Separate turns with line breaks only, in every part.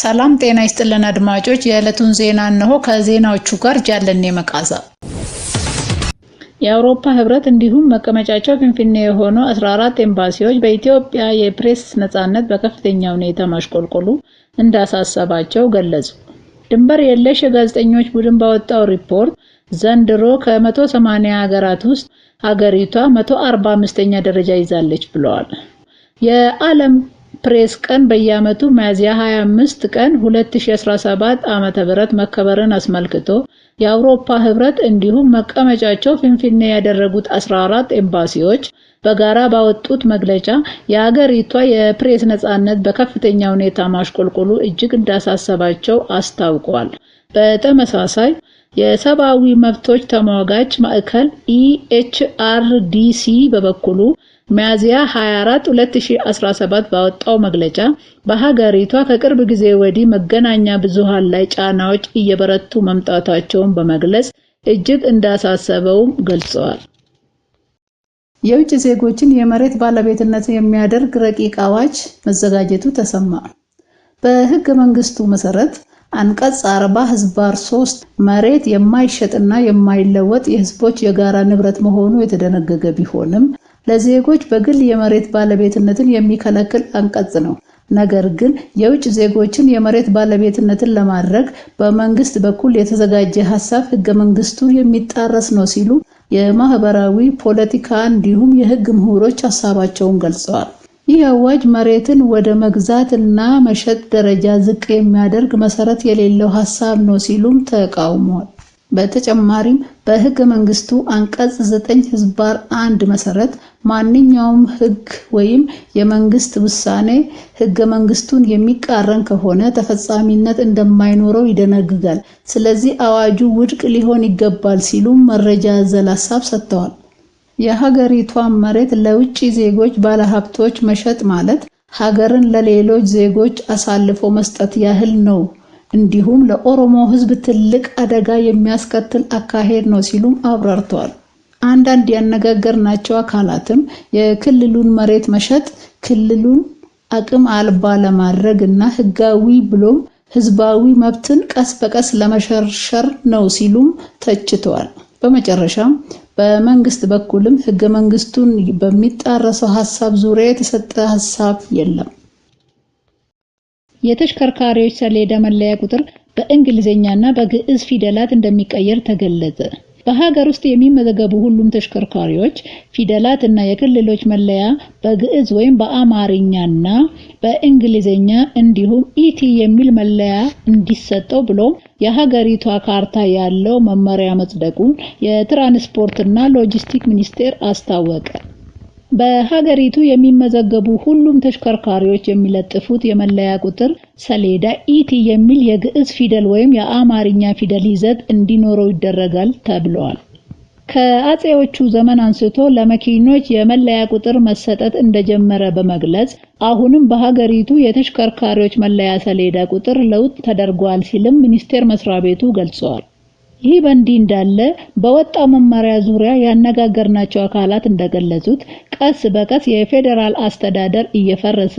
ሰላም ጤና ይስጥልን አድማጮች፣ የዕለቱን ዜና እነሆ። ከዜናዎቹ ጋር ጃለኔ መቃዛ። የአውሮፓ ህብረት እንዲሁም መቀመጫቸው ፊንፊኔ የሆኑ 14 ኤምባሲዎች በኢትዮጵያ የፕሬስ ነፃነት በከፍተኛ ሁኔታ ማሽቆልቆሉ እንዳሳሰባቸው ገለጹ። ድንበር የለሽ የጋዜጠኞች ቡድን ባወጣው ሪፖርት ዘንድሮ ከ180 ሀገራት ውስጥ ሀገሪቷ 145ኛ ደረጃ ይዛለች ብለዋል። የዓለም ፕሬስ ቀን በየዓመቱ ሚያዝያ 25 ቀን 2017 ዓመተ መከበርን አስመልክቶ የአውሮፓ ህብረት እንዲሁም መቀመጫቸው ፊንፊኔ ያደረጉት 14 ኤምባሲዎች በጋራ ባወጡት መግለጫ የሀገሪቷ የፕሬስ ነፃነት በከፍተኛ ሁኔታ ማሽቆልቆሉ እጅግ እንዳሳሰባቸው አስታውቋል። በተመሳሳይ የሰብአዊ መብቶች ተሟጋች ማዕከል ኢኤችአርዲሲ በበኩሉ ሚያዝያ 24 2017 ባወጣው መግለጫ በሀገሪቷ ከቅርብ ጊዜ ወዲህ መገናኛ ብዙሃን ላይ ጫናዎች እየበረቱ መምጣታቸውን በመግለጽ እጅግ እንዳሳሰበውም ገልጸዋል። የውጭ ዜጎችን የመሬት ባለቤትነት የሚያደርግ ረቂቅ አዋጅ መዘጋጀቱ ተሰማ። በህገ መንግስቱ መሰረት አንቀጽ 40 ህዝባር 3 መሬት የማይሸጥና የማይለወጥ የህዝቦች የጋራ ንብረት መሆኑ የተደነገገ ቢሆንም ለዜጎች በግል የመሬት ባለቤትነትን የሚከለክል አንቀጽ ነው። ነገር ግን የውጭ ዜጎችን የመሬት ባለቤትነትን ለማድረግ በመንግስት በኩል የተዘጋጀ ሀሳብ ህገ መንግስቱ የሚጣረስ ነው ሲሉ የማህበራዊ ፖለቲካ እንዲሁም የህግ ምሁሮች ሀሳባቸውን ገልጸዋል። ይህ አዋጅ መሬትን ወደ መግዛት እና መሸጥ ደረጃ ዝቅ የሚያደርግ መሰረት የሌለው ሀሳብ ነው ሲሉም ተቃውሟል። በተጨማሪም በህገ መንግስቱ አንቀጽ 9 ህዝባር 1 መሰረት ማንኛውም ህግ ወይም የመንግስት ውሳኔ ሕገ መንግስቱን የሚቃረን ከሆነ ተፈጻሚነት እንደማይኖረው ይደነግጋል። ስለዚህ አዋጁ ውድቅ ሊሆን ይገባል ሲሉም መረጃ አዘል ሀሳብ ሰጥተዋል። የሀገሪቷን መሬት ለውጭ ዜጎች ባለሀብቶች መሸጥ ማለት ሀገርን ለሌሎች ዜጎች አሳልፎ መስጠት ያህል ነው እንዲሁም ለኦሮሞ ህዝብ ትልቅ አደጋ የሚያስከትል አካሄድ ነው ሲሉም አብራርተዋል። አንዳንድ ያነጋገርናቸው አካላትም የክልሉን መሬት መሸጥ ክልሉን አቅም አልባ ለማድረግ እና ህጋዊ ብሎም ህዝባዊ መብትን ቀስ በቀስ ለመሸርሸር ነው ሲሉም ተችተዋል። በመጨረሻም በመንግስት በኩልም ህገ መንግስቱን በሚጣረሰው ሀሳብ ዙሪያ የተሰጠ ሀሳብ የለም። የተሽከርካሪዎች ሰሌዳ መለያ ቁጥር በእንግሊዝኛና በግዕዝ ፊደላት እንደሚቀየር ተገለጸ። በሀገር ውስጥ የሚመዘገቡ ሁሉም ተሽከርካሪዎች ፊደላት እና የክልሎች መለያ በግዕዝ ወይም በአማርኛና በእንግሊዝኛ እንዲሁም ኢቲ የሚል መለያ እንዲሰጠው ብሎም የሀገሪቷ ካርታ ያለው መመሪያ መጽደቁን የትራንስፖርትና ሎጂስቲክ ሚኒስቴር አስታወቀ። በሀገሪቱ የሚመዘገቡ ሁሉም ተሽከርካሪዎች የሚለጥፉት የመለያ ቁጥር ሰሌዳ ኢቲ የሚል የግዕዝ ፊደል ወይም የአማርኛ ፊደል ይዘት እንዲኖረው ይደረጋል ተብለዋል። ከአጼዎቹ ዘመን አንስቶ ለመኪኖች የመለያ ቁጥር መሰጠት እንደጀመረ በመግለጽ አሁንም በሀገሪቱ የተሽከርካሪዎች መለያ ሰሌዳ ቁጥር ለውጥ ተደርጓል ሲልም ሚኒስቴር መስሪያ ቤቱ ገልጸዋል። ይህ በእንዲህ እንዳለ በወጣው መመሪያ ዙሪያ ያነጋገርናቸው አካላት እንደገለጹት ቀስ በቀስ የፌዴራል አስተዳደር እየፈረሰ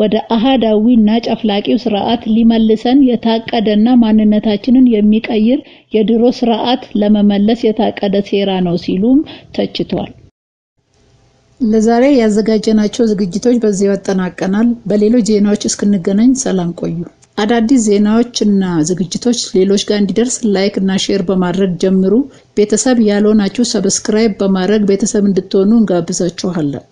ወደ አህዳዊና ጨፍላቂው ስርዓት ሊመልሰን የታቀደና ማንነታችንን የሚቀይር የድሮ ስርዓት ለመመለስ የታቀደ ሴራ ነው ሲሉም ተችቷል። ለዛሬ ያዘጋጀናቸው ዝግጅቶች በዚህ ያጠናቀናል። በሌሎች ዜናዎች እስክንገናኝ ሰላም ቆዩ። አዳዲስ ዜናዎች እና ዝግጅቶች ሌሎች ጋር እንዲደርስ ላይክ እና ሼር በማድረግ ጀምሩ። ቤተሰብ ያልሆናችሁ ሰብስክራይብ በማድረግ ቤተሰብ እንድትሆኑ እንጋብዛችኋለን።